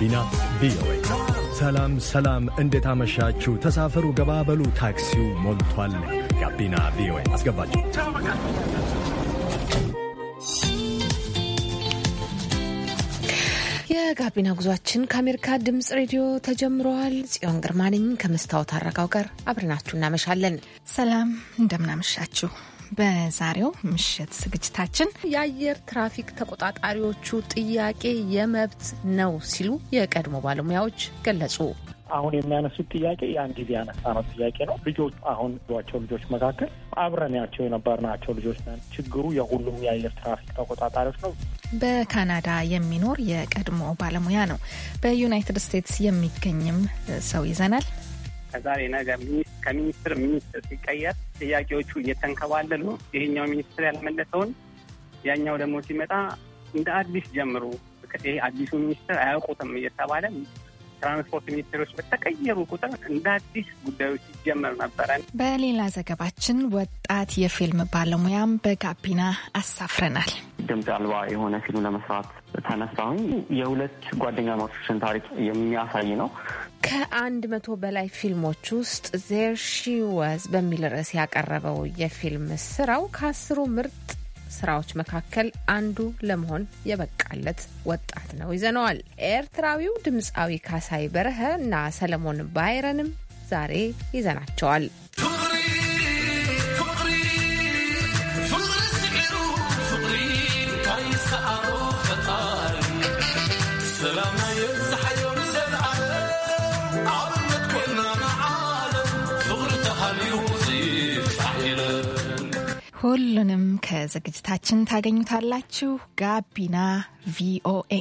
ጋቢና ቪኦኤ። ሰላም ሰላም፣ እንዴት አመሻችሁ? ተሳፈሩ፣ ገባበሉ፣ ታክሲው ሞልቷል። ጋቢና ቪኦኤ አስገባችሁ። የጋቢና ጉዟችን ከአሜሪካ ድምፅ ሬዲዮ ተጀምረዋል። ጽዮን ግርማ ነኝ ከመስታወት አረጋው ጋር አብረናችሁ እናመሻለን። ሰላም እንደምናመሻችሁ በዛሬው ምሽት ዝግጅታችን የአየር ትራፊክ ተቆጣጣሪዎቹ ጥያቄ የመብት ነው ሲሉ የቀድሞ ባለሙያዎች ገለጹ። አሁን የሚያነሱት ጥያቄ ያን ጊዜ ያነሳ ነው ጥያቄ ነው። ልጆች አሁን ቸው ልጆች መካከል አብረናቸው የነበርናቸው ልጆች ነን። ችግሩ የሁሉም የአየር ትራፊክ ተቆጣጣሪዎች ነው። በካናዳ የሚኖር የቀድሞ ባለሙያ ነው። በዩናይትድ ስቴትስ የሚገኝም ሰው ይዘናል። ከዛሬ ነገ ከሚኒስትር ሚኒስትር ሲቀየር ጥያቄዎቹ እየተንከባለሉ ይሄኛው ሚኒስትር ያልመለሰውን ያኛው ደግሞ ሲመጣ እንደ አዲስ ጀምሩ ይሄ አዲሱ ሚኒስትር አያውቁትም እየተባለ ትራንስፖርት ሚኒስትሮች በተቀየሩ ቁጥር እንደ አዲስ ጉዳዮች ሲጀመር ነበረ። በሌላ ዘገባችን ወጣት የፊልም ባለሙያም በጋቢና አሳፍረናል። ድምፅ አልባ የሆነ ፊልም ለመስራት ተነሳሁኝ። የሁለት ጓደኛማቾችን ታሪክ የሚያሳይ ነው። ከአንድ መቶ በላይ ፊልሞች ውስጥ ዜር ሺ ወዝ በሚል ርዕስ ያቀረበው የፊልም ስራው ከአስሩ ምርጥ ስራዎች መካከል አንዱ ለመሆን የበቃለት ወጣት ነው ይዘነዋል። ኤርትራዊው ድምፃዊ ካሳይ በረሀ እና ሰለሞን ባይረንም ዛሬ ይዘናቸዋል። ሁሉንም ከዝግጅታችን ታገኙታላችሁ። ጋቢና ቪኦኤ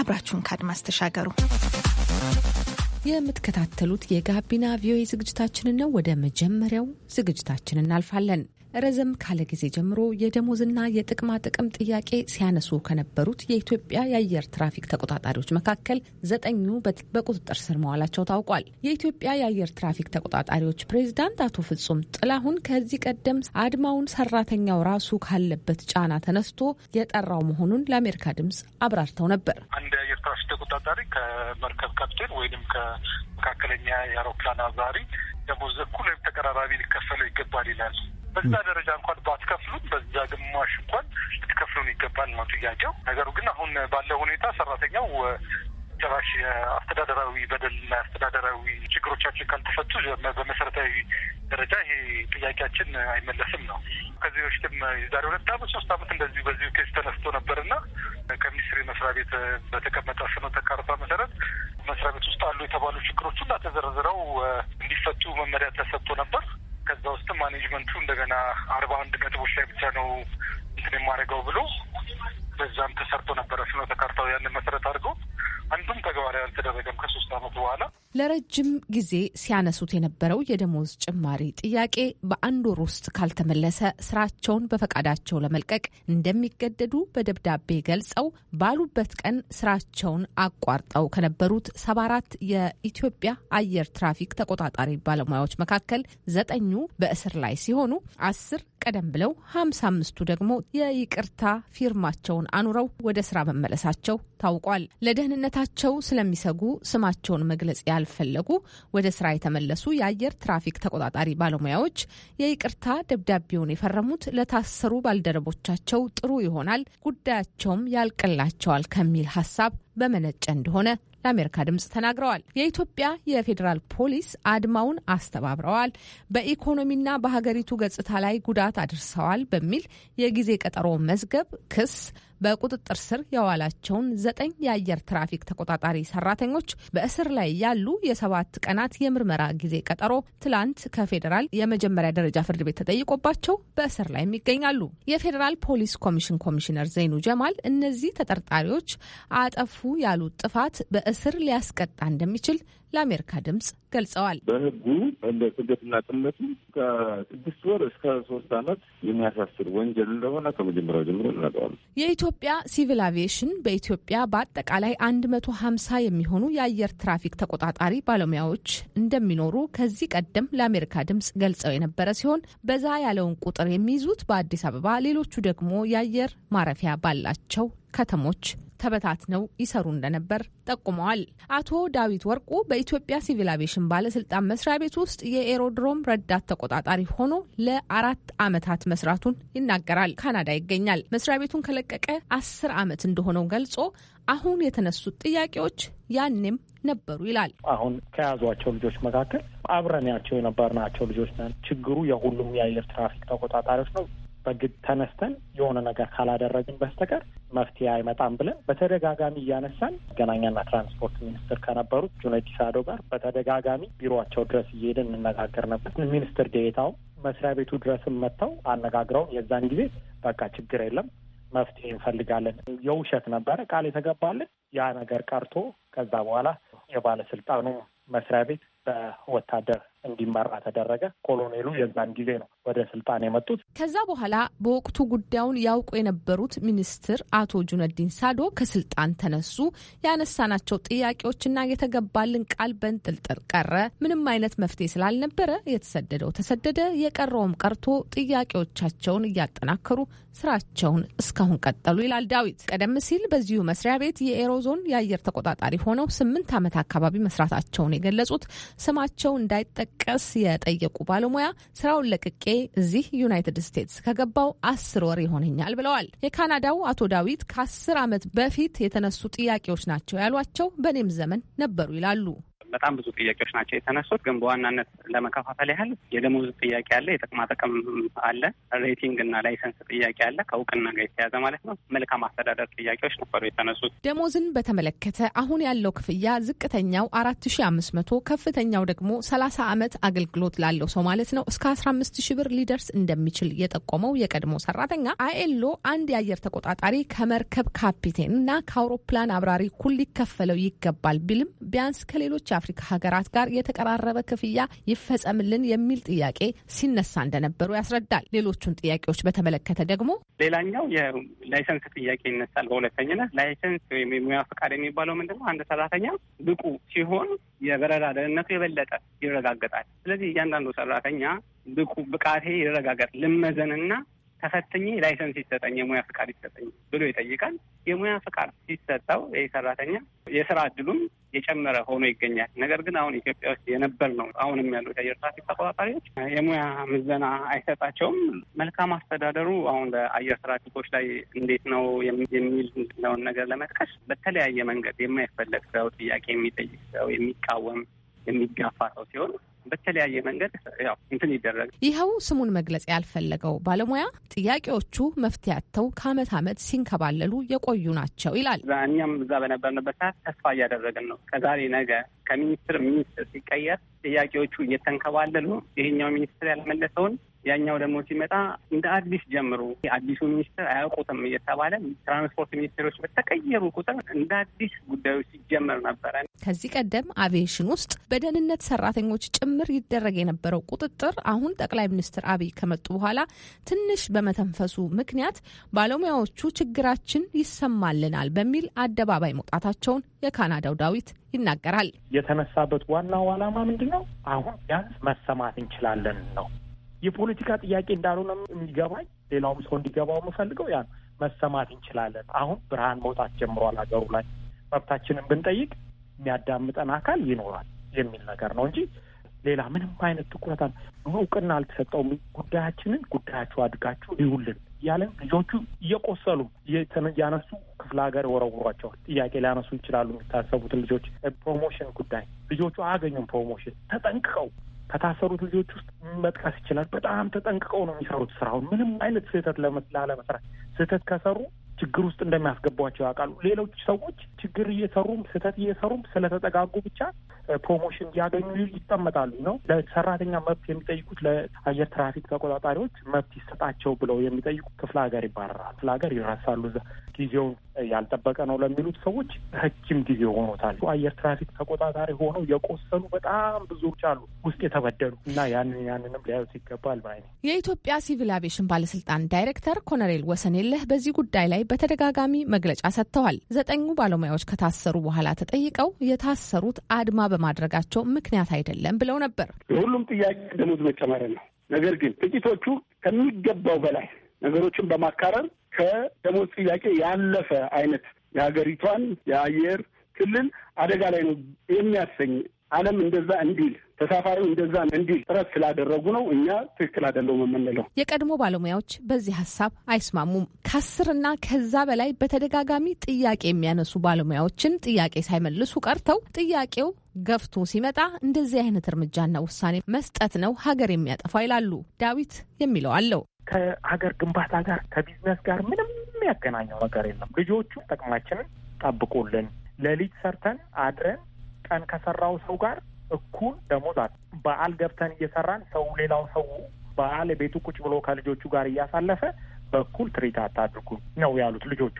አብራችሁን ከአድማስ ተሻገሩ። የምትከታተሉት የጋቢና ቪኦኤ ዝግጅታችንን ነው። ወደ መጀመሪያው ዝግጅታችን እናልፋለን። ረዘም ካለ ጊዜ ጀምሮ የደሞዝና የጥቅማ ጥቅም ጥያቄ ሲያነሱ ከነበሩት የኢትዮጵያ የአየር ትራፊክ ተቆጣጣሪዎች መካከል ዘጠኙ በቁጥጥር ስር መዋላቸው ታውቋል። የኢትዮጵያ የአየር ትራፊክ ተቆጣጣሪዎች ፕሬዚዳንት አቶ ፍጹም ጥላሁን ከዚህ ቀደም አድማውን ሰራተኛው ራሱ ካለበት ጫና ተነስቶ የጠራው መሆኑን ለአሜሪካ ድምጽ አብራርተው ነበር። አንድ የአየር ትራፊክ ተቆጣጣሪ ከመርከብ ካፕቴን ወይም ከመካከለኛ የአውሮፕላን አብራሪ ደሞዝ እኩል ወይም ተቀራራቢ ሊከፈለው ይገባል ይላል። በዛ ደረጃ እንኳን ባትከፍሉን በዛ ግማሽ እንኳን ልትከፍሉን ይገባል ነው ጥያቄው። ነገሩ ግን አሁን ባለው ሁኔታ ሰራተኛው ጭራሽ የአስተዳደራዊ በደልና አስተዳደራዊ ችግሮቻችን ካልተፈቱ በመሰረታዊ ደረጃ ይሄ ጥያቄያችን አይመለስም ነው። ከዚህ በፊትም የዛሬ ሁለት ዓመት ሶስት ዓመት እንደዚሁ በዚሁ ኬስ ተነስቶ ነበርና ከሚኒስትር መስሪያ ቤት በተቀመጠ ፍኖተ ካርታ መሰረት መስሪያ ቤት ውስጥ አሉ የተባሉ ችግሮች ሁላ ተዘርዝረው እንዲፈቱ መመሪያ ተሰጥቶ ነበር። ከዛ ውስጥ ማኔጅመንቱ እንደገና አርባ አንድ ነጥቦች ላይ ብቻ ነው እንትን የማደርገው ብሎ በዛም ተሰርቶ ነበረ ፍኖተ ካርታው ያንን መሰረት አድርገው አንዱም ተግባራዊ አልተደረገም ከሶስት አመት በኋላ ለረጅም ጊዜ ሲያነሱት የነበረው የደሞዝ ጭማሪ ጥያቄ በአንድ ወር ውስጥ ካልተመለሰ ስራቸውን በፈቃዳቸው ለመልቀቅ እንደሚገደዱ በደብዳቤ ገልጸው ባሉበት ቀን ስራቸውን አቋርጠው ከነበሩት ሰባ አራት የኢትዮጵያ አየር ትራፊክ ተቆጣጣሪ ባለሙያዎች መካከል ዘጠኙ በእስር ላይ ሲሆኑ አስር ቀደም ብለው ሀምሳ አምስቱ ደግሞ የይቅርታ ፊርማቸውን አኑረው ወደ ስራ መመለሳቸው ታውቋል። ለደህንነታቸው ስለሚሰጉ ስማቸውን መግለጽ ያለ ስላልፈለጉ ወደ ስራ የተመለሱ የአየር ትራፊክ ተቆጣጣሪ ባለሙያዎች የይቅርታ ደብዳቤውን የፈረሙት ለታሰሩ ባልደረቦቻቸው ጥሩ ይሆናል፣ ጉዳያቸውም ያልቅላቸዋል ከሚል ሀሳብ በመነጨ እንደሆነ ለአሜሪካ ድምጽ ተናግረዋል። የኢትዮጵያ የፌዴራል ፖሊስ አድማውን አስተባብረዋል፣ በኢኮኖሚና በሀገሪቱ ገጽታ ላይ ጉዳት አድርሰዋል በሚል የጊዜ ቀጠሮ መዝገብ ክስ በቁጥጥር ስር የዋላቸውን ዘጠኝ የአየር ትራፊክ ተቆጣጣሪ ሰራተኞች በእስር ላይ ያሉ የሰባት ቀናት የምርመራ ጊዜ ቀጠሮ ትላንት ከፌዴራል የመጀመሪያ ደረጃ ፍርድ ቤት ተጠይቆባቸው በእስር ላይ ይገኛሉ። የፌዴራል ፖሊስ ኮሚሽን ኮሚሽነር ዘይኑ ጀማል እነዚህ ተጠርጣሪዎች አጠፉ ያሉት ጥፋት በእስር ሊያስቀጣ እንደሚችል ለአሜሪካ ድምጽ ገልጸዋል። በህጉ እንደ ስደትና ጥመቱ ከስድስት ወር እስከ ሶስት ዓመት የሚያሳስር ወንጀል እንደሆነ ከመጀመሪያው ጀምሮ እናውቀዋለን። የኢትዮጵያ ሲቪል አቪዬሽን በኢትዮጵያ በአጠቃላይ አንድ መቶ ሀምሳ የሚሆኑ የአየር ትራፊክ ተቆጣጣሪ ባለሙያዎች እንደሚኖሩ ከዚህ ቀደም ለአሜሪካ ድምጽ ገልጸው የነበረ ሲሆን በዛ ያለውን ቁጥር የሚይዙት በአዲስ አበባ፣ ሌሎቹ ደግሞ የአየር ማረፊያ ባላቸው ከተሞች ተበታትነው ይሰሩ እንደነበር ጠቁመዋል። አቶ ዳዊት ወርቁ በኢትዮጵያ ሲቪል አቪሽን ባለስልጣን መስሪያ ቤት ውስጥ የኤሮድሮም ረዳት ተቆጣጣሪ ሆኖ ለአራት ዓመታት መስራቱን ይናገራል። ካናዳ ይገኛል። መስሪያ ቤቱን ከለቀቀ አስር ዓመት እንደሆነው ገልጾ አሁን የተነሱት ጥያቄዎች ያኔም ነበሩ ይላል። አሁን ከያዟቸው ልጆች መካከል አብረንያቸው የነበርናቸው ልጆች ነን። ችግሩ የሁሉም የአየር ትራፊክ ተቆጣጣሪዎች ነው። በግድ ተነስተን የሆነ ነገር ካላደረግን በስተቀር መፍትሄ አይመጣም ብለን በተደጋጋሚ እያነሳን መገናኛና ትራንስፖርት ሚኒስትር ከነበሩት ጁነዲ ሳዶ ጋር በተደጋጋሚ ቢሮቸው ድረስ እየሄድን እንነጋገር ነበር። ሚኒስትር ዴኤታው መስሪያ ቤቱ ድረስም መጥተው አነጋግረውን የዛን ጊዜ በቃ ችግር የለም መፍትሄ እንፈልጋለን። የውሸት ነበረ ቃል የተገባልን ያ ነገር ቀርቶ ከዛ በኋላ የባለስልጣኑ መስሪያ ቤት በወታደር እንዲመራ ተደረገ። ኮሎኔሉ የዛን ጊዜ ነው ወደ ስልጣን የመጡት። ከዛ በኋላ በወቅቱ ጉዳዩን ያውቁ የነበሩት ሚኒስትር አቶ ጁነዲን ሳዶ ከስልጣን ተነሱ። ያነሳናቸው ጥያቄዎችና የተገባልን ቃል በንጥልጥል ቀረ። ምንም አይነት መፍትሄ ስላልነበረ የተሰደደው ተሰደደ፣ የቀረውም ቀርቶ ጥያቄዎቻቸውን እያጠናከሩ ስራቸውን እስካሁን ቀጠሉ ይላል ዳዊት። ቀደም ሲል በዚሁ መስሪያ ቤት የኤሮዞን የአየር ተቆጣጣሪ ሆነው ስምንት ዓመት አካባቢ መስራታቸውን የገለጹት ስማቸው እንዳይጠቀ በመጥቀስ የጠየቁ ባለሙያ ስራውን ለቅቄ እዚህ ዩናይትድ ስቴትስ ከገባው አስር ወር ይሆነኛል ብለዋል። የካናዳው አቶ ዳዊት ከአስር ዓመት በፊት የተነሱ ጥያቄዎች ናቸው ያሏቸው በእኔም ዘመን ነበሩ ይላሉ። በጣም ብዙ ጥያቄዎች ናቸው የተነሱት። ግን በዋናነት ለመከፋፈል ያህል የደሞዝ ጥያቄ አለ፣ የጥቅማ ጥቅም አለ፣ ሬቲንግ እና ላይሰንስ ጥያቄ አለ፣ ከእውቅና ጋር የተያዘ ማለት ነው። መልካም አስተዳደር ጥያቄዎች ነበሩ የተነሱት። ደሞዝን በተመለከተ አሁን ያለው ክፍያ ዝቅተኛው አራት ሺ አምስት መቶ ከፍተኛው ደግሞ ሰላሳ አመት አገልግሎት ላለው ሰው ማለት ነው እስከ አስራ አምስት ሺ ብር ሊደርስ እንደሚችል የጠቆመው የቀድሞ ሰራተኛ አኤሎ አንድ የአየር ተቆጣጣሪ ከመርከብ ካፒቴን እና ከአውሮፕላን አብራሪ እኩል ሊከፈለው ይገባል ቢልም ቢያንስ ከሌሎች አፍሪካ ሀገራት ጋር የተቀራረበ ክፍያ ይፈጸምልን የሚል ጥያቄ ሲነሳ እንደነበሩ ያስረዳል። ሌሎቹን ጥያቄዎች በተመለከተ ደግሞ ሌላኛው የላይሰንስ ጥያቄ ይነሳል። በሁለተኝነት ላይሰንስ ወይም የሙያ ፈቃድ የሚባለው ምንድን ነው? አንድ ሰራተኛ ብቁ ሲሆን የበረራ ደህንነቱ የበለጠ ይረጋገጣል። ስለዚህ እያንዳንዱ ሰራተኛ ብቁ ብቃቴ ይረጋገጥ ልመዘንና ተፈትኜ ላይሰንስ ይሰጠኝ የሙያ ፍቃድ ይሰጠኝ ብሎ ይጠይቃል። የሙያ ፍቃድ ሲሰጠው ይህ ሰራተኛ የስራ እድሉም የጨመረ ሆኖ ይገኛል። ነገር ግን አሁን ኢትዮጵያ ውስጥ የነበር ነው አሁንም ያሉት የአየር ትራፊክ ተቆጣጣሪዎች የሙያ ምዘና አይሰጣቸውም። መልካም አስተዳደሩ አሁን በአየር ትራፊኮች ላይ እንዴት ነው የሚል ለውን ነገር ለመጥቀስ በተለያየ መንገድ የማይፈለግ ሰው ጥያቄ የሚጠይቅ ሰው የሚቃወም የሚጋፋ ሰው ሲሆን በተለያየ መንገድ ያው እንትን ይደረግ። ይኸው ስሙን መግለጽ ያልፈለገው ባለሙያ ጥያቄዎቹ መፍትሄ አጥተው ከአመት አመት ሲንከባለሉ የቆዩ ናቸው ይላል። እኛም እዛ በነበርንበት ሰዓት ተስፋ እያደረግን ነው ከዛሬ ነገ ከሚኒስትር ሚኒስትር ሲቀየር ጥያቄዎቹ እየተንከባለሉ ይሄኛው ሚኒስትር ያልመለሰውን ያኛው ደግሞ ሲመጣ እንደ አዲስ ጀምሩ አዲሱ ሚኒስትር አያውቁትም እየተባለ ትራንስፖርት ሚኒስትሮች በተቀየሩ ቁጥር እንደ አዲስ ጉዳዮች ሲጀመር ነበረ። ከዚህ ቀደም አቪዬሽን ውስጥ በደህንነት ሰራተኞች ጭምር ይደረግ የነበረው ቁጥጥር አሁን ጠቅላይ ሚኒስትር አብይ ከመጡ በኋላ ትንሽ በመተንፈሱ ምክንያት ባለሙያዎቹ ችግራችን ይሰማልናል በሚል አደባባይ መውጣታቸውን የካናዳው ዳዊት ይናገራል። የተነሳበት ዋናው ዓላማ ምንድን ነው? አሁን ቢያንስ መሰማት እንችላለን ነው። የፖለቲካ ጥያቄ እንዳልሆነ የሚገባኝ ሌላውም ሰው እንዲገባው የምፈልገው ያ መሰማት እንችላለን። አሁን ብርሃን መውጣት ጀምሯል ሀገሩ ላይ መብታችንን ብንጠይቅ የሚያዳምጠን አካል ይኖራል የሚል ነገር ነው እንጂ ሌላ ምንም አይነት ትኩረት እውቅና አልተሰጠውም። ጉዳያችንን ጉዳያችሁ አድጋችሁ ይውልን እያለ ልጆቹ እየቆሰሉ ያነሱ ክፍለ ሀገር ወረውሯቸዋል። ጥያቄ ሊያነሱ ይችላሉ የሚታሰቡትን ልጆች ፕሮሞሽን ጉዳይ ልጆቹ አያገኙም። ፕሮሞሽን ተጠንቅቀው ከታሰሩት ልጆች ውስጥ መጥቀስ ይችላል። በጣም ተጠንቅቀው ነው የሚሰሩት ስራውን ምንም አይነት ስህተት ላለመስራት ስህተት ከሰሩ ችግር ውስጥ እንደሚያስገቧቸው ያውቃሉ። ሌሎች ሰዎች ችግር እየሰሩም ስህተት እየሰሩም ስለተጠጋጉ ብቻ ፕሮሞሽን እያገኙ ይጠመጣሉ ነው። ለሰራተኛ መብት የሚጠይቁት ለአየር ትራፊክ ተቆጣጣሪዎች መብት ይሰጣቸው ብለው የሚጠይቁ ክፍለ ሀገር ይባረራል፣ ክፍለ ሀገር ይረሳሉ። ጊዜውን ያልጠበቀ ነው ለሚሉት ሰዎች ረጅም ጊዜ ሆኖታል። አየር ትራፊክ ተቆጣጣሪ ሆነው የቆሰሉ በጣም ብዙዎች አሉ ውስጥ የተበደሉ እና ያንን ያንንም ሊያዩት ይገባል ባይ የኢትዮጵያ ሲቪል አቪሽን ባለስልጣን ዳይሬክተር ኮሎኔል ወሰኔለህ በዚህ ጉዳይ ላይ በተደጋጋሚ መግለጫ ሰጥተዋል። ዘጠኙ ባለሙያዎች ከታሰሩ በኋላ ተጠይቀው የታሰሩት አድማ በማድረጋቸው ምክንያት አይደለም ብለው ነበር። ሁሉም ጥያቄ ደሞዝ መጨመር ነው። ነገር ግን ጥቂቶቹ ከሚገባው በላይ ነገሮችን በማካረር ከደሞዝ ጥያቄ ያለፈ አይነት የሀገሪቷን የአየር ክልል አደጋ ላይ ነው የሚያሰኝ ዓለም እንደዛ እንዲል ተሳፋሪው እንደዛ እንዲል ጥረት ስላደረጉ ነው እኛ ትክክል አይደለውም የምንለው። የቀድሞ ባለሙያዎች በዚህ ሀሳብ አይስማሙም። ከአስርና ከዛ በላይ በተደጋጋሚ ጥያቄ የሚያነሱ ባለሙያዎችን ጥያቄ ሳይመልሱ ቀርተው ጥያቄው ገፍቶ ሲመጣ እንደዚህ አይነት እርምጃና ውሳኔ መስጠት ነው ሀገር የሚያጠፋ ይላሉ። ዳዊት የሚለው አለው ከሀገር ግንባታ ጋር ከቢዝነስ ጋር ምንም የሚያገናኘው ነገር የለም። ልጆቹ ጥቅማችንን ጠብቁልን፣ ሌሊት ሰርተን አድረን ቀን ከሰራው ሰው ጋር እኩል ደሞዝ አለ። በዓል ገብተን እየሰራን ሰው ሌላው ሰው በዓል ቤቱ ቁጭ ብሎ ከልጆቹ ጋር እያሳለፈ በኩል ትሪት አታድርጉ ነው ያሉት ልጆቹ።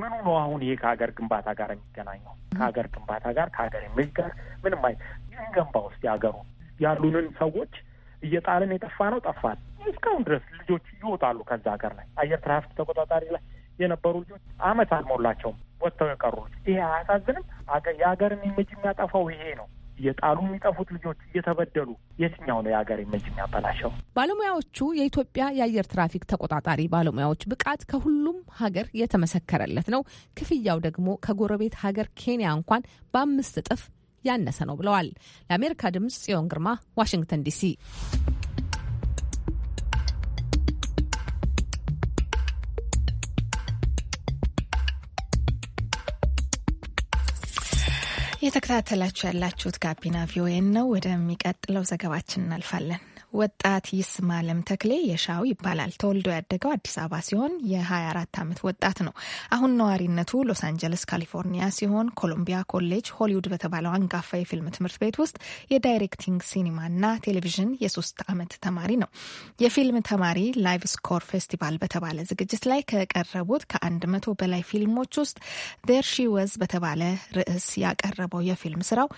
ምኑ ነው አሁን ይሄ ከሀገር ግንባታ ጋር የሚገናኘው? ከሀገር ግንባታ ጋር ከሀገር የምጅ ጋር ምንም አይ ይህን ገንባ ውስጥ ያገሩ ያሉንን ሰዎች እየጣልን የጠፋ ነው ጠፋል። እስካሁን ድረስ ልጆቹ ይወጣሉ ከዛ ሀገር ላይ አየር ትራፊክ ተቆጣጣሪ ላይ የነበሩ ልጆች አመት አልሞላቸውም ወጥተው የቀሩት። ይሄ አያሳዝንም? የሀገርን ኢሜጅ የሚያጠፋው ይሄ ነው። እየጣሉ የሚጠፉት ልጆች እየተበደሉ የትኛው ነው የሀገር ኢሜጅ የሚያበላሸው? ባለሙያዎቹ የኢትዮጵያ የአየር ትራፊክ ተቆጣጣሪ ባለሙያዎች ብቃት ከሁሉም ሀገር የተመሰከረለት ነው። ክፍያው ደግሞ ከጎረቤት ሀገር ኬንያ እንኳን በአምስት እጥፍ ያነሰ ነው ብለዋል። ለአሜሪካ ድምጽ ጽዮን ግርማ ዋሽንግተን ዲሲ እየተከታተላችሁ ያላችሁት ጋቢና ቪኦኤ ነው። ወደሚቀጥለው ዘገባችን እናልፋለን። ወጣት ይስማለም ተክሌ የሻው ይባላል። ተወልዶ ያደገው አዲስ አበባ ሲሆን የ24 ዓመት ወጣት ነው። አሁን ነዋሪነቱ ሎስ አንጀለስ ካሊፎርኒያ ሲሆን ኮሎምቢያ ኮሌጅ ሆሊውድ በተባለው አንጋፋ የፊልም ትምህርት ቤት ውስጥ የዳይሬክቲንግ ሲኒማና ቴሌቪዥን የሶስት ዓመት ተማሪ ነው። የፊልም ተማሪ ላይቭ ስኮር ፌስቲቫል በተባለ ዝግጅት ላይ ከቀረቡት ከአንድ መቶ በላይ ፊልሞች ውስጥ ዴርሺ ወዝ በተባለ ርዕስ ያቀረበው የፊልም ስራው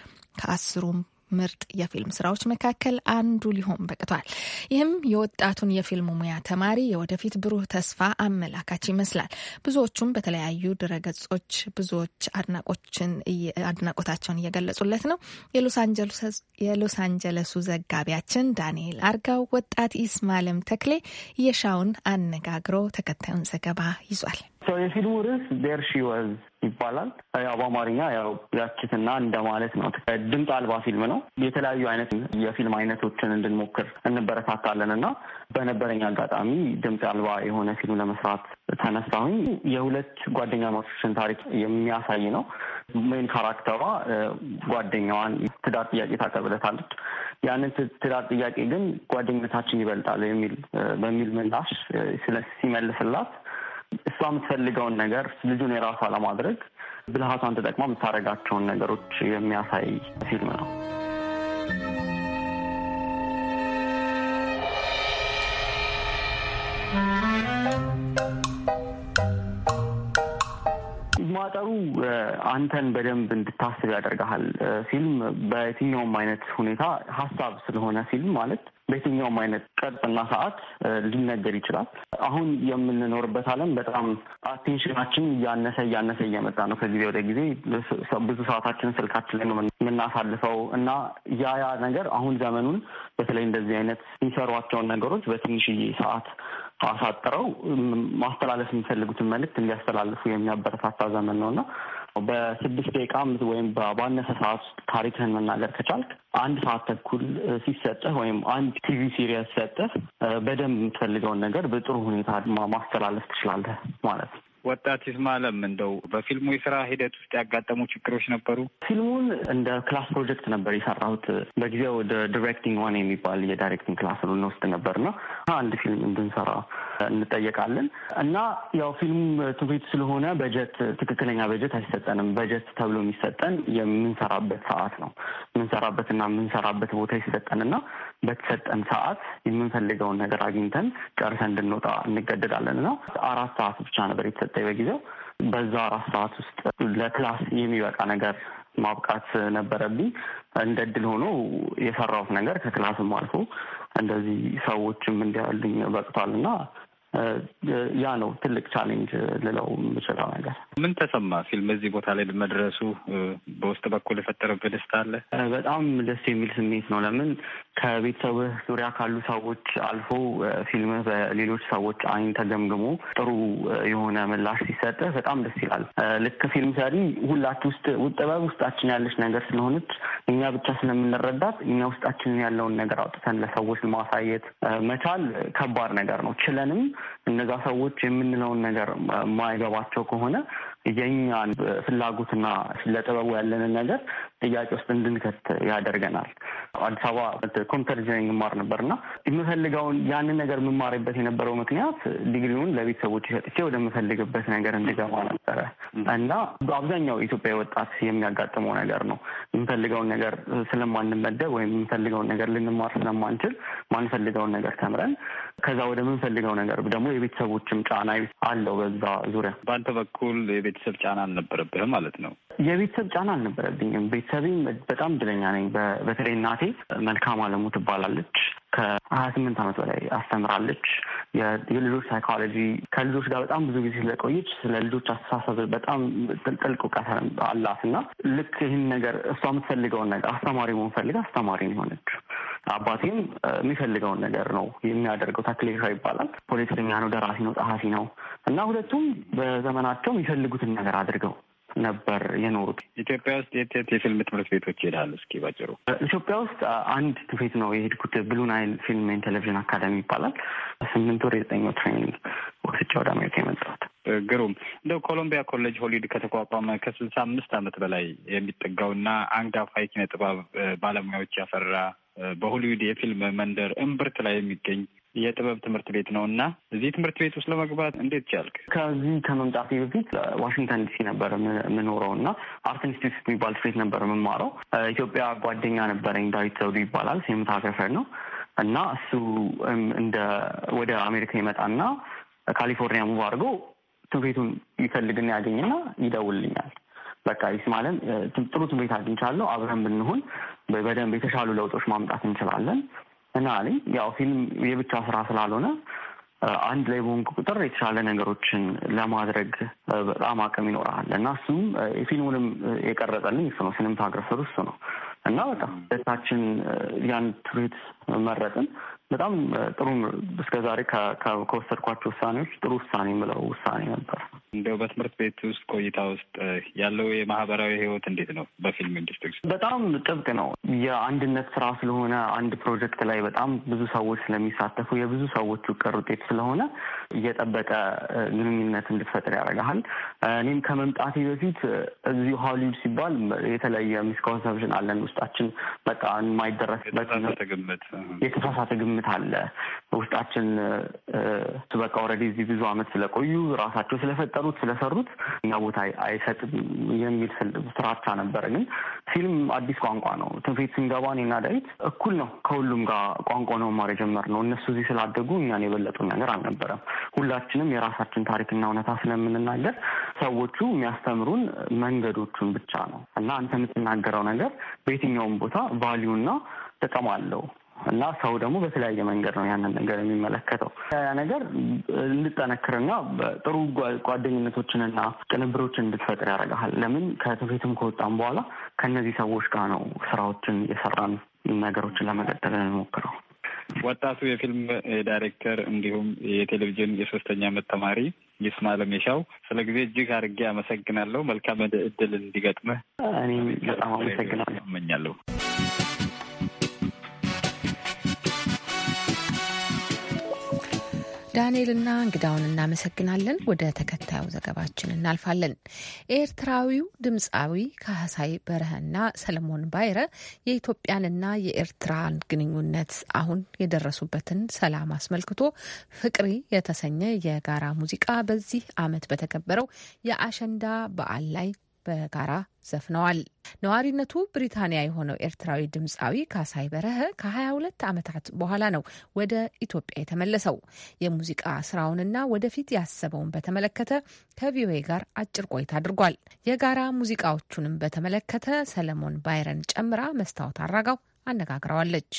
ከአስሩም ምርጥ የፊልም ስራዎች መካከል አንዱ ሊሆን በቅቷል። ይህም የወጣቱን የፊልም ሙያ ተማሪ የወደፊት ብሩህ ተስፋ አመላካች ይመስላል። ብዙዎቹም በተለያዩ ድረገጾች ብዙዎች አድናቆችን አድናቆታቸውን እየገለጹለት ነው። የሎስ አንጀለሱ ዘጋቢያችን ዳንኤል አርጋው ወጣት ኢስማልም ተክሌ የሻውን አነጋግሮ ተከታዩን ዘገባ ይዟል። የፊልሙ ርዕስ ዴር ሺ ወዝ ይባላል። ያው በአማርኛ ያው ያችትና እንደማለት ነው። ድምፅ አልባ ፊልም ነው። የተለያዩ አይነት የፊልም አይነቶችን እንድንሞክር እንበረታታለን እና በነበረኝ አጋጣሚ ድምፅ አልባ የሆነ ፊልም ለመስራት ተነሳሁኝ። የሁለት ጓደኛ ማቾችን ታሪክ የሚያሳይ ነው። ሜን ካራክተሯ ጓደኛዋን ትዳር ጥያቄ ታቀርብለታለች። ያንን ትዳር ጥያቄ ግን ጓደኝነታችን ይበልጣል የሚል በሚል ምላሽ ሲመልስላት እሷ የምትፈልገውን ነገር ልጁን የራሷ ለማድረግ ብልሃቷን ተጠቅማ የምታደርጋቸውን ነገሮች የሚያሳይ ፊልም ነው። አንተን በደንብ እንድታስብ ያደርግሃል። ፊልም በየትኛውም አይነት ሁኔታ ሀሳብ ስለሆነ ፊልም ማለት በየትኛውም አይነት ቅርጽና ሰዓት ሊነገር ይችላል። አሁን የምንኖርበት ዓለም በጣም አቴንሽናችን እያነሰ እያነሰ እየመጣ ነው። ከጊዜ ወደ ጊዜ ብዙ ሰዓታችን ስልካችን ላይ ነው የምናሳልፈው እና ያ ያ ነገር አሁን ዘመኑን በተለይ እንደዚህ አይነት የሚሰሯቸውን ነገሮች በትንሽዬ ሰዓት አሳጥረው ማስተላለፍ የሚፈልጉትን መልእክት እንዲያስተላልፉ የሚያበረታታ ዘመን ነው እና በስድስት ደቂቃ ወይም ባነሰ ሰዓት ውስጥ ታሪክህን መናገር ከቻልክ አንድ ሰዓት ተኩል ሲሰጠህ ወይም አንድ ቲቪ ሲሪየስ ሲሰጠህ በደንብ የምትፈልገውን ነገር በጥሩ ሁኔታ ማስተላለፍ ትችላለህ ማለት ነው። ወጣት ይስማ እንደው በፊልሙ የስራ ሂደት ውስጥ ያጋጠሙ ችግሮች ነበሩ? ፊልሙን እንደ ክላስ ፕሮጀክት ነበር የሰራሁት። በጊዜው ዲሬክቲንግ ዋን የሚባል የዳይሬክቲንግ ክላስ ነበር ነው አንድ ፊልም እንድንሰራ እንጠየቃለን እና ያው ፊልም ትውፊት ስለሆነ በጀት ትክክለኛ በጀት አይሰጠንም። በጀት ተብሎ የሚሰጠን የምንሰራበት ሰዓት ነው። የምንሰራበትና የምንሰራበት ቦታ ይሰጠንና በተሰጠን ሰዓት የምንፈልገውን ነገር አግኝተን ጨርሰን እንድንወጣ እንገደዳለን እና አራት ሰዓት ብቻ ነበር የተሰጠኝ በጊዜው። በዛ አራት ሰዓት ውስጥ ለክላስ የሚበቃ ነገር ማብቃት ነበረብኝ። እንደ እድል ሆኖ የሰራሁት ነገር ከክላስም አልፎ እንደዚህ ሰዎችም እንዲያሉኝ በቅቷል እና ያ ነው ትልቅ ቻሌንጅ ልለው የምችለው ነገር። ምን ተሰማ ፊልም እዚህ ቦታ ላይ መድረሱ በውስጥ በኩል የፈጠረብህ ደስታ አለ? በጣም ደስ የሚል ስሜት ነው። ለምን ከቤተሰብህ ዙሪያ ካሉ ሰዎች አልፎ ፊልምህ በሌሎች ሰዎች አይን ተገምግሞ ጥሩ የሆነ ምላሽ ሲሰጥህ በጣም ደስ ይላል። ልክ ፊልም ሰሪ ሁላት ውስጥ ጥበብ ውስጣችን ያለች ነገር ስለሆነች እኛ ብቻ ስለምንረዳት እኛ ውስጣችንን ያለውን ነገር አውጥተን ለሰዎች ማሳየት መቻል ከባድ ነገር ነው። ችለንም እነዛ ሰዎች የምንለውን ነገር ማይገባቸው ከሆነ የእኛን ፍላጎትና ለጥበቡ ያለንን ነገር ጥያቄ ውስጥ እንድንከት ያደርገናል። አዲስ አበባ ኮምፒተር ኢንጂኒሪንግ እማር ነበር እና የምፈልገውን ያንን ነገር የምማርበት የነበረው ምክንያት ዲግሪውን ለቤተሰቦች ሰጥቼ ወደምፈልግበት ነገር እንድገባ ነበረ እና አብዛኛው ኢትዮጵያ ወጣት የሚያጋጥመው ነገር ነው። የምፈልገውን ነገር ስለማንመደብ ወይም የምፈልገውን ነገር ልንማር ስለማንችል ማንፈልገውን ነገር ተምረን ከዛ ወደ ምንፈልገው ነገር ደግሞ የቤተሰቦችም ጫና አለው በዛ ዙሪያ። በአንተ በኩል የቤተሰብ ጫና አልነበረብህም ማለት ነው? የቤተሰብ ጫና አልነበረብኝም። ቤተሰብም በጣም እድለኛ ነኝ። በተለይ እናቴ መልካም አለሙ ትባላለች። ከሀያ ስምንት ዓመት በላይ አስተምራለች። የልጆች ሳይኮሎጂ ከልጆች ጋር በጣም ብዙ ጊዜ ስለቆየች ስለ ልጆች አስተሳሰብ በጣም ጥልቅ እውቀት አላት እና ልክ ይህን ነገር እሷ የምትፈልገውን ነገር አስተማሪ መሆን ፈልግ አስተማሪ ሆነች። አባቴም የሚፈልገውን ነገር ነው የሚያደርገው። ተክሌሻ ይባላል። ፖለቲከኛ ነው፣ ደራሲ ነው፣ ጸሐፊ ነው እና ሁለቱም በዘመናቸው የሚፈልጉትን ነገር አድርገው ነበር የኖሩት። ኢትዮጵያ ውስጥ የት የት የፊልም ትምህርት ቤቶች ይሄዳሉ? እስኪ ባጭሩ። ኢትዮጵያ ውስጥ አንድ ትፌት ነው የሄድኩት። ብሉ ናይል ፊልም ኤንድ ቴሌቪዥን አካዳሚ ይባላል። ስምንት ወር የዘጠኝ ወር ትሬኒንግ ወስጄ ወደ አሜሪካ የመጣሁት። ግሩም እንደው ኮሎምቢያ ኮሌጅ ሆሊውድ ከተቋቋመ ከስልሳ አምስት ዓመት በላይ የሚጠጋው የሚጠጋውና አንጋፋ የኪነ ጥበብ ባለሙያዎች ያፈራ በሆሊውድ የፊልም መንደር እምብርት ላይ የሚገኝ የጥበብ ትምህርት ቤት ነው እና እዚህ ትምህርት ቤት ውስጥ ለመግባት እንዴት ቻልክ? ከዚህ ከመምጣቴ በፊት ዋሽንግተን ዲሲ ነበር የምኖረው እና አርት ኢንስቲትዩት የሚባል ትሬት ነበር የምማረው። ኢትዮጵያ ጓደኛ ነበረኝ ዳዊት ዘውዱ ይባላል። ሲኒማቶግራፈር ነው እና እሱ እንደ ወደ አሜሪካ ይመጣና ካሊፎርኒያ ሙቭ አድርጎ ቤቱን ይፈልግና ያገኝና ይደውልኛል። በቃ ይስማለን፣ ጥሩ ትምህርት አግኝቻለሁ፣ አብረን ብንሆን በደንብ የተሻሉ ለውጦች ማምጣት እንችላለን እና አለኝ ያው ፊልም የብቻ ስራ ስላልሆነ አንድ ላይ በሆንኩ ቁጥር የተሻለ ነገሮችን ለማድረግ በጣም አቅም ይኖረሃል እና እሱም የፊልሙንም የቀረጸልኝ እሱ ነው። ሲኒማቶግራፈሩ እሱ ነው እና በጣም ሁለታችን ያን ትሪት መረጥን። በጣም ጥሩ እስከ ዛሬ ከወሰድኳቸው ውሳኔዎች ጥሩ ውሳኔ የምለው ውሳኔ ነበር። እንደው በትምህርት ቤት ውስጥ ቆይታ ውስጥ ያለው የማህበራዊ ህይወት እንዴት ነው? በፊልም ኢንዱስትሪ በጣም ጥብቅ ነው። የአንድነት ስራ ስለሆነ አንድ ፕሮጀክት ላይ በጣም ብዙ ሰዎች ስለሚሳተፉ የብዙ ሰዎች ውቅር ውጤት ስለሆነ እየጠበቀ ግንኙነት እንድትፈጥር ያደርግሃል። እኔም ከመምጣቴ በፊት እዚሁ ሀሊውድ ሲባል የተለየ ሚስኮንሰፕሽን አለን ውስጣችን። በጣም የማይደረስበት የተሳሳተ ግምት አለ። ውስጣችን በቃ ኦልሬዲ እዚህ ብዙ አመት ስለቆዩ ራሳቸው ስለፈጠሩት ስለሰሩት እኛ ቦታ አይሰጥም የሚል ስራቻ ነበረ። ግን ፊልም አዲስ ቋንቋ ነው። ትንፌት ስንገባ እኔና ዳዊት እኩል ነው ከሁሉም ጋር ቋንቋ ነው ማር ነው እነሱ እዚህ ስላደጉ እኛን የበለጡን ነገር አልነበረም። ሁላችንም የራሳችን ታሪክና እውነታ ስለምንናገር ሰዎቹ የሚያስተምሩን መንገዶቹን ብቻ ነው እና አንተ የምትናገረው ነገር በየትኛውም ቦታ ቫሊዩና ጥቅም አለው እና ሰው ደግሞ በተለያየ መንገድ ነው ያንን ነገር የሚመለከተው። ያ ነገር እንድጠነክርና ጥሩ ጓደኝነቶችንና ቅንብሮችን እንድትፈጥር ያደርግሃል። ለምን ከትፌትም ከወጣም በኋላ ከእነዚህ ሰዎች ጋር ነው ስራዎችን የሰራን ነገሮችን ለመቀጠል እንሞክረው። ወጣቱ የፊልም ዳይሬክተር እንዲሁም የቴሌቪዥን የሶስተኛ ዓመት ተማሪ ይስማ ለሜሻው ስለ ጊዜ እጅግ አድርጌ አመሰግናለሁ። መልካም እድል እንዲገጥምህ እኔም በጣም አመሰግናለሁ እመኛለሁ። ዳንኤልና እንግዳውን እናመሰግናለን። ወደ ተከታዩ ዘገባችን እናልፋለን። ኤርትራዊው ድምፃዊ ካህሳይ በረህና ሰለሞን ባይረ የኢትዮጵያንና የኤርትራን ግንኙነት አሁን የደረሱበትን ሰላም አስመልክቶ ፍቅሪ የተሰኘ የጋራ ሙዚቃ በዚህ ዓመት በተከበረው የአሸንዳ በዓል ላይ በጋራ ዘፍነዋል። ነዋሪነቱ ብሪታንያ የሆነው ኤርትራዊ ድምፃዊ ካሳይ በረሀ ከ22 ዓመታት በኋላ ነው ወደ ኢትዮጵያ የተመለሰው። የሙዚቃ ስራውንና ወደፊት ያሰበውን በተመለከተ ከቪኦኤ ጋር አጭር ቆይታ አድርጓል። የጋራ ሙዚቃዎቹንም በተመለከተ ሰለሞን ባይረን ጨምራ መስታወት አራጋው አነጋግረዋለች።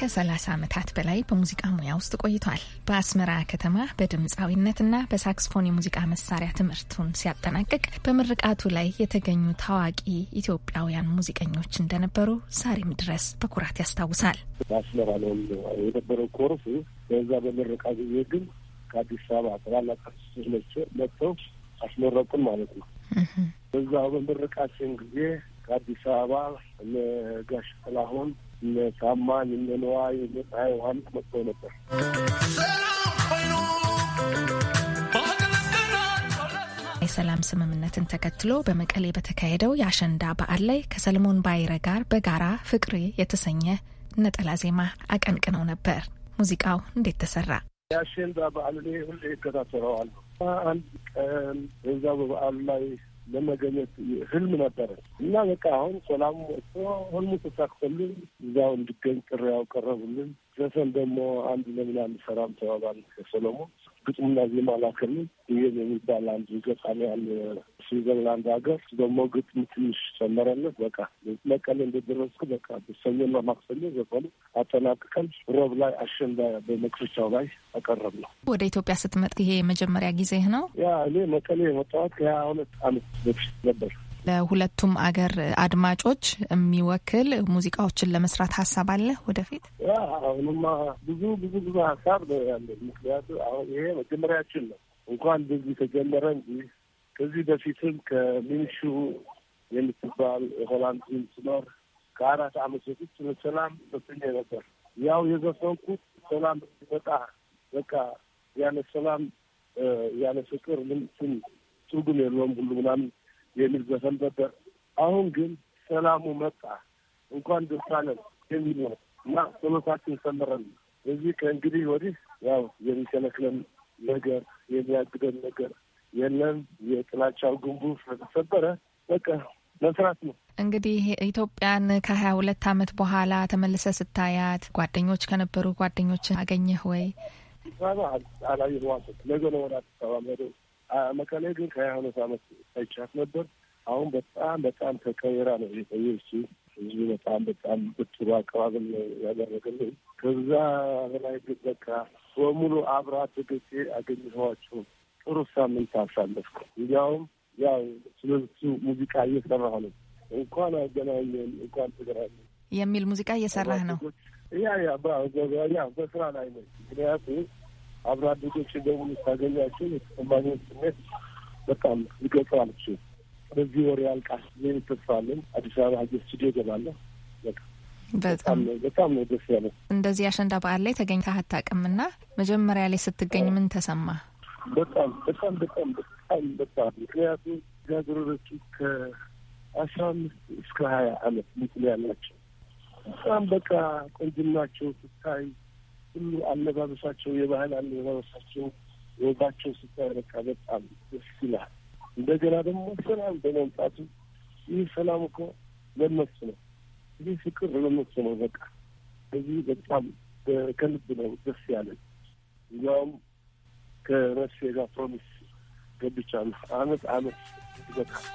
ከ30 ዓመታት በላይ በሙዚቃ ሙያ ውስጥ ቆይቷል። በአስመራ ከተማ በድምፃዊነትና በሳክስፎን የሙዚቃ መሳሪያ ትምህርቱን ሲያጠናቅቅ በምርቃቱ ላይ የተገኙ ታዋቂ ኢትዮጵያውያን ሙዚቀኞች እንደነበሩ ዛሬም ድረስ በኩራት ያስታውሳል። በአስመራ ነው የነበረው ኮርስ። በዛ በምርቃ ጊዜ ግን ከአዲስ አበባ ታላላቅ መጥተው አስመረቁን ማለት ነው። በዛ በምርቃችን ጊዜ ከአዲስ አበባ ጋሽ ጥላሁን ሳማ የነነዋ የፀሐይ ውሃም መጥተው ነበር። የሰላም ስምምነትን ተከትሎ በመቀሌ በተካሄደው የአሸንዳ በዓል ላይ ከሰለሞን ባይረ ጋር በጋራ ፍቅሬ የተሰኘ ነጠላ ዜማ አቀንቅነው ነበር። ሙዚቃው እንዴት ተሰራ? የአሸንዳ በዓል እኔ ሁሌ ይከታተለዋሉ። አንድ ቀን በዛ በበዓሉ ላይ ለመገኘት ህልም ነበረ እና በቃ አሁን ሰላሙ ወጥቶ ህልሙ ተሳክፈልን እዛው እንድገኝ ጥሪ ያው ቀረቡልን። ዘፈን ደግሞ አንድ ለምን አንድ ሰራም ተባባል ከሰሎሞን ግጥሙና ለዚህ ላከል ይህን የሚባል አንድ ገጣሚ ያለ ስዊዘርላንድ ሀገር ደግሞ ግጥም ትንሽ ጨመረለት። በቃ መቀሌ እንደደረስኩ በቃ ሰኞና ማክሰኞ ዘፈኑ አጠናቅቀን ሮብ ላይ አሸንዳ በመክፈቻው ላይ አቀረብ ነው። ወደ ኢትዮጵያ ስትመጥ ይሄ የመጀመሪያ ጊዜህ ነው? ያ እኔ መቀሌ የመጣሁት ከሀያ ሁለት አመት በፊት ነበር። ለሁለቱም አገር አድማጮች የሚወክል ሙዚቃዎችን ለመስራት ሀሳብ አለ ወደፊት? አሁንማ ብዙ ብዙ ብዙ ሀሳብ ነው ያለ። ምክንያቱ አሁን ይሄ መጀመሪያችን ነው እንኳን እንደዚህ ተጀመረ እንጂ ከዚህ በፊትም ከሚኒሹ የምትባል ሆላንድ ስኖር ከአራት አመት በፊት ስለ ሰላም በስኛ ነበር። ያው የዘፈንኩት ሰላም በጣ በቃ ያለ ሰላም ያለ ፍቅር ምን ትርጉም የለውም ሁሉ ምናምን የሚል ዘፈን ነበር። አሁን ግን ሰላሙ መጣ እንኳን ደስ አለን የሚል ነው እና በመሳችን ሰምረን እዚህ ከእንግዲህ ወዲህ ያው የሚከለክለን ነገር የሚያግደን ነገር የለም። የጥላቻው ግንቡ ስለተሰበረ በቃ መስራት ነው። እንግዲህ ኢትዮጵያን ከሀያ ሁለት አመት በኋላ ተመልሰ ስታያት ጓደኞች ከነበሩ ጓደኞች አገኘህ ወይ? አላየኋትም። ነገ ነው ወደ አዲስ አበባ መቀሌ ግን ከሀያ ሁለት አመት አይቻት ነበር። አሁን በጣም በጣም ተቀይራ ነው የቆየ እሱ ህዝቡ በጣም በጣም ብትሩ አቀባበል ያደረገልኝ። ከዛ በላይ ግን በቃ በሙሉ አብራ አድርጌ አገኘኋቸው። ጥሩ ሳምንት አሳለፍኩ። እንዲያውም ያው ስለሱ ሙዚቃ እየሰራሁ ነው። እንኳን አገናኘን እንኳን ትግራለ የሚል ሙዚቃ እየሰራህ ነው? ያ ያ በስራ ላይ ነው ምክንያቱ አብሮ አደጎች በሙሉ ታገኛቸው የተሰማኝን ስሜት በጣም ልገልጸው አልችልም። በዚህ ወር ያልቃል። ምን ተስፋ አዲስ አበባ ሀገር ስቱዲዮ እገባለሁ። በቃ በጣም ነው ደስ ያለ። እንደዚህ አሸንዳ በዓል ላይ ተገኝተህ አታውቅም እና መጀመሪያ ላይ ስትገኝ ምን ተሰማ? በጣም በጣም በጣም በጣም በጣም ምክንያቱም ልጃገረዶቹ ከአስራ አምስት እስከ ሀያ አመት ምክል ያላቸው በጣም በቃ ቆንጅናቸው ስታይ ሁሉ አለባበሳቸው፣ የባህል አለባበሳቸው፣ ወጋቸው ስታይ በቃ በጣም ደስ ይላል። እንደገና ደግሞ ሰላም በመምጣቱ ይህ ሰላም እኮ ለነሱ ነው። ይህ ፍቅር ለነሱ ነው። በቃ እዚህ በጣም ከልብ ነው ደስ ያለን። እንዲያውም ከረሴ ጋር ፕሮሚስ ገብቻለሁ አመት አመት ይበቃል።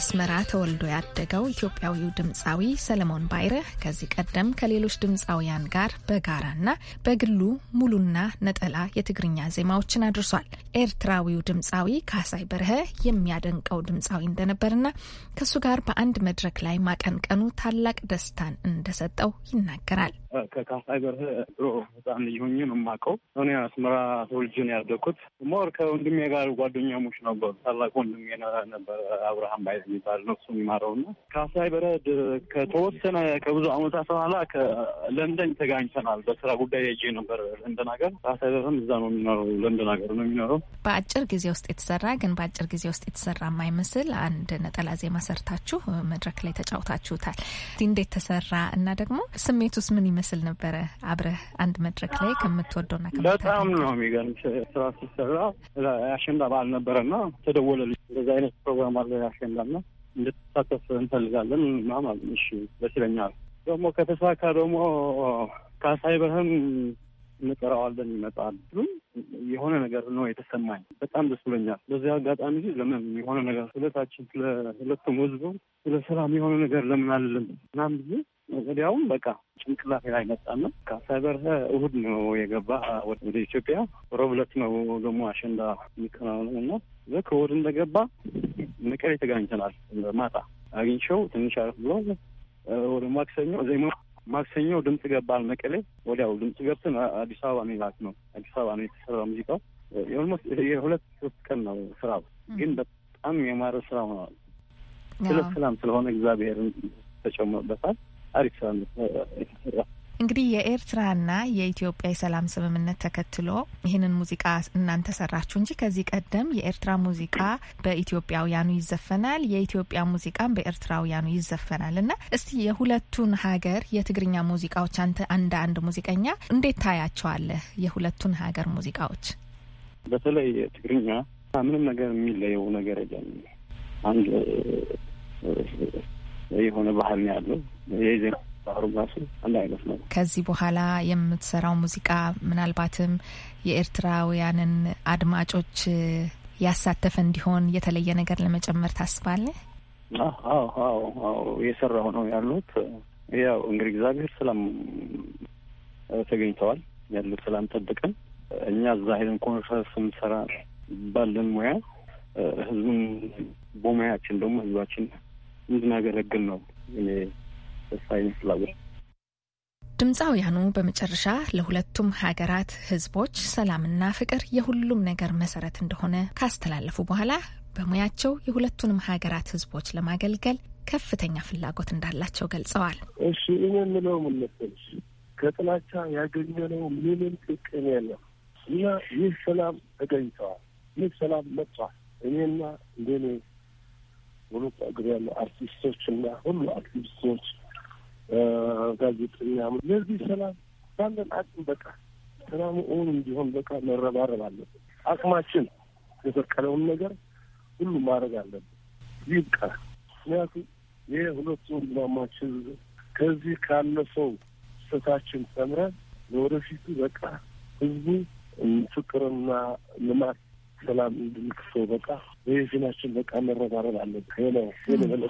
አስመራ ተወልዶ ያደገው ኢትዮጵያዊው ድምፃዊ ሰለሞን ባይረህ ከዚህ ቀደም ከሌሎች ድምፃውያን ጋር በጋራና በግሉ ሙሉና ነጠላ የትግርኛ ዜማዎችን አድርሷል። ኤርትራዊው ድምፃዊ ካሳይ በርሀ የሚያደንቀው ድምፃዊ እንደነበርና ከእሱ ጋር በአንድ መድረክ ላይ ማቀንቀኑ ታላቅ ደስታን እንደሰጠው ይናገራል። ከካሳይ በርሀ ድሮ ህፃን ልጅ ሆኜ ነው የማውቀው። እኔ አስመራ ተወልጄ ነው ያደግኩት። ሞር ከወንድሜ ጋር ጓደኛሞች ነበሩ። ታላቅ ወንድሜ ነበር አብርሃም ባይ የሚባል ነው። እሱ የሚማረው እና ካሳይ በረድ ከተወሰነ ከብዙ አመታት በኋላ ከለንደን ተጋኝተናል። በስራ ጉዳይ ያየ ነበር ለንደን ሀገር። ካሳይ በረድም እዛ ነው የሚኖረው፣ ለንደን ሀገር ነው የሚኖረው። በአጭር ጊዜ ውስጥ የተሰራ ግን በአጭር ጊዜ ውስጥ የተሰራ የማይመስል አንድ ነጠላ ዜማ ሰርታችሁ መድረክ ላይ ተጫውታችሁታል። እንዴት ተሰራ እና ደግሞ ስሜቱስ ምን ይመስል ነበረ? አብረህ አንድ መድረክ ላይ ከምትወደውና በጣም ነው የሚገርም ስራ ሲሰራ አሸንዳ በዓል ነበረና ተደወለልኝ እንደዚህ አይነት ፕሮግራም አለ አሸንዳና እንድትሳተፍ እንፈልጋለን ና ማለት እሺ ደስ ይለኛል። ደግሞ ከተሳካ ደግሞ ካሳይ በህም እንጠራዋለን ይመጣል ብሉም የሆነ ነገር ነው የተሰማኝ። በጣም ደስ ብሎኛል። በዚህ አጋጣሚ ለምን የሆነ ነገር ስለታችን ስለ ሁለቱም ህዝቡ ስለ ሰላም የሆነ ነገር ለምን አለም ናም ብዬ ወዲያውም በቃ ጭንቅላቴ ላይ መጣና ካሳይ በርሀ እሁድ ነው የገባ ወደ ኢትዮጵያ። ሮብለት ነው ደግሞ አሸንዳ የሚከናወነው እና ከወድ እንደገባ መቀሌ ተገናኝተናል። ማታ አግኝቼው ትንሽ አረፍ ብሎ ወደ ማክሰኞ ዜማ ማክሰኞ ድምፅ ገባል መቀሌ። ወዲያው ድምፅ ገብተን አዲስ አበባ ነው የላክ ነው። አዲስ አበባ ነው የተሰራ ሙዚቃው። የኦልሞስት የሁለት ሶስት ቀን ነው ስራው፣ ግን በጣም የማረ ስራ ሆነዋል። ስለ ሰላም ስለሆነ እግዚአብሔር ተጨምሮበታል። አሪፍ ስራ የተሰራ እንግዲህ የኤርትራና የኢትዮጵያ የሰላም ስምምነት ተከትሎ ይህንን ሙዚቃ እናንተ ሰራችሁ እንጂ ከዚህ ቀደም የኤርትራ ሙዚቃ በኢትዮጵያውያኑ ይዘፈናል፣ የኢትዮጵያ ሙዚቃም በኤርትራውያኑ ይዘፈናል እና እስቲ የሁለቱን ሀገር የትግርኛ ሙዚቃዎች አንተ አንድ አንድ ሙዚቀኛ እንዴት ታያቸዋለህ? የሁለቱን ሀገር ሙዚቃዎች በተለይ ትግርኛ ምንም ነገር የሚለየው ነገር የለም። አንድ የሆነ ባህል ነው ያለው ባህሩም ራሱ አንድ አይነት ነው። ከዚህ በኋላ የምትሰራው ሙዚቃ ምናልባትም የኤርትራውያንን አድማጮች ያሳተፈ እንዲሆን የተለየ ነገር ለመጨመር ታስባለ? አዎ አዎ አዎ የሰራሁ ነው ያሉት። ያው እንግዲህ እግዚአብሔር ሰላም ተገኝተዋል ያሉት ሰላም ጠብቀን እኛ እዛ ሄደን ኮንፈረንስ ስንሰራ ባለን ሙያ ህዝቡን በሙያችን ደግሞ ህዝባችን እንድናገለግል ነው እኔ ተስፋዬን ስላወቅ ድምፃውያኑ በመጨረሻ ለሁለቱም ሀገራት ህዝቦች ሰላምና ፍቅር የሁሉም ነገር መሰረት እንደሆነ ካስተላለፉ በኋላ በሙያቸው የሁለቱንም ሀገራት ህዝቦች ለማገልገል ከፍተኛ ፍላጎት እንዳላቸው ገልጸዋል። እሺ እኔ የምለው ምን መሰለሽ፣ ከጥላቻ ያገኘነው ምንም ጥቅም የለም እና ይህ ሰላም ተገኝተዋል። ይህ ሰላም መጥቷል። እኔና እንደኔ ሩቅ እግር ያሉ አርቲስቶችና ሁሉ አክቲቪስቶች ጋዜጠኛ ለዚህ ሰላም ባለን አቅም በቃ ሰላሙ እውን እንዲሆን በቃ መረባረብ አለብን። አቅማችን የፈቀደውን ነገር ሁሉ ማድረግ አለብን። ይብቃ። ምክንያቱም ይህ ሁለቱ ወንድማማች ሕዝብ ከዚህ ካለፈው ስህተታችን ተምረን ለወደፊቱ በቃ ህዝቡ ፍቅርና ልማት ሰላም እንድንክሰው በቃ በየፊናችን በቃ መረባረብ አለብን ነው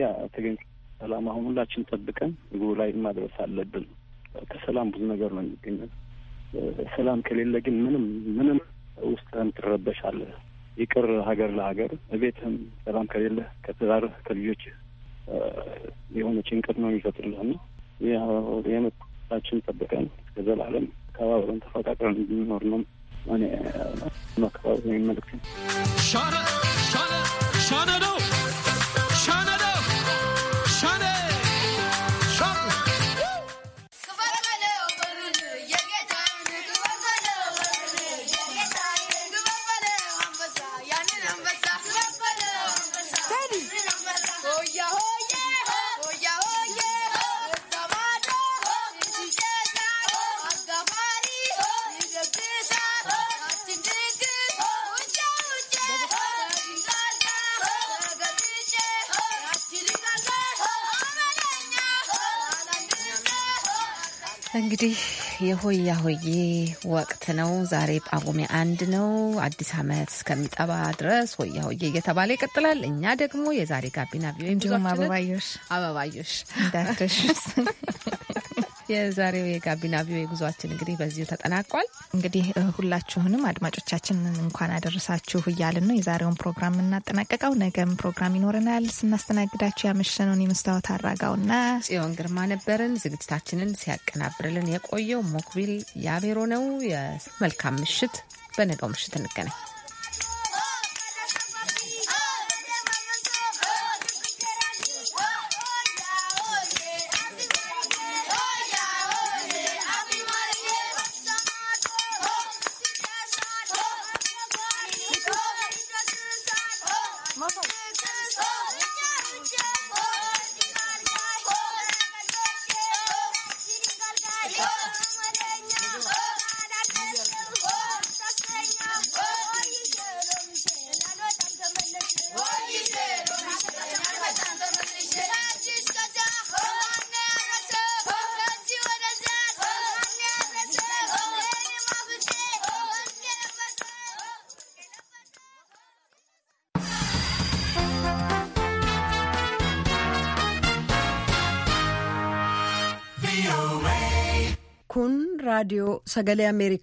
ያ ተገኝ ሰላም አሁን ሁላችን ጠብቀን ግቡ ላይ ማድረስ አለብን። ከሰላም ብዙ ነገር ነው የሚገኘው። ሰላም ከሌለ ግን ምንም ምንም ውስጥህም ትረበሻለህ። ይቅር ሀገር ለሀገር እቤትህም ሰላም ከሌለ ከትዳርህ ከልጆች የሆነ ጭንቀት ነው የሚፈጥርልህ እና የመጣችን ጠብቀን ከዘላለም አካባብረን ተፈቃቅረን እንድንኖር ነው እኔ መከባበር የሚመልክት እንግዲህ የሆያ ሆዬ ወቅት ነው። ዛሬ ጳጉሜ አንድ ነው። አዲስ ዓመት እስከሚጠባ ድረስ ሆያ ሆዬ እየተባለ ይቀጥላል። እኛ ደግሞ የዛሬ ጋቢና ቪ አበባዮሽ አበባዮሽ የዛሬው የጋቢና ቪኦኤ ጉዟችን እንግዲህ በዚሁ ተጠናቋል። እንግዲህ ሁላችሁንም አድማጮቻችን እንኳን አደረሳችሁ እያልን ነው የዛሬውን ፕሮግራም የምናጠናቀቀው። ነገም ፕሮግራም ይኖረናል። ስናስተናግዳችሁ ያመሸነውን የመስታወት አድራጋውና ጽዮን ግርማ ነበርን። ዝግጅታችንን ሲያቀናብርልን የቆየው ሞክቢል ያቤሮ ነው። መልካም ምሽት። በነገው ምሽት እንገናኝ። Radio Sagalee America.